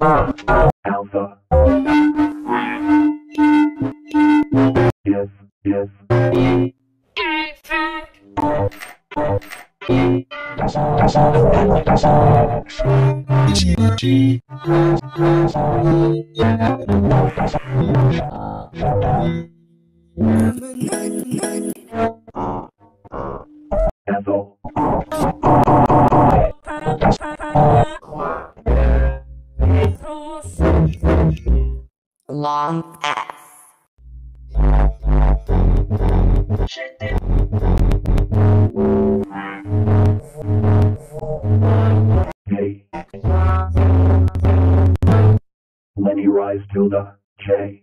Alpha. Yes, yes. Alpha. long ass. Lenny Rise Tilda J.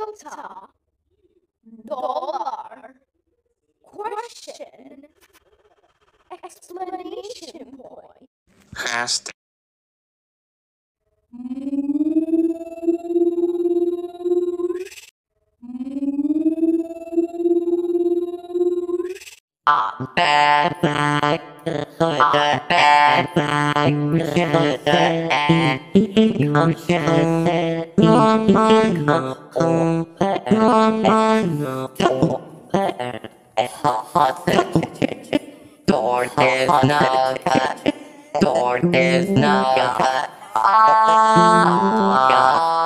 filter, dollar, question, explanation point. Hashtag. bad, bad Door is no cut. Door is no cut. Ah.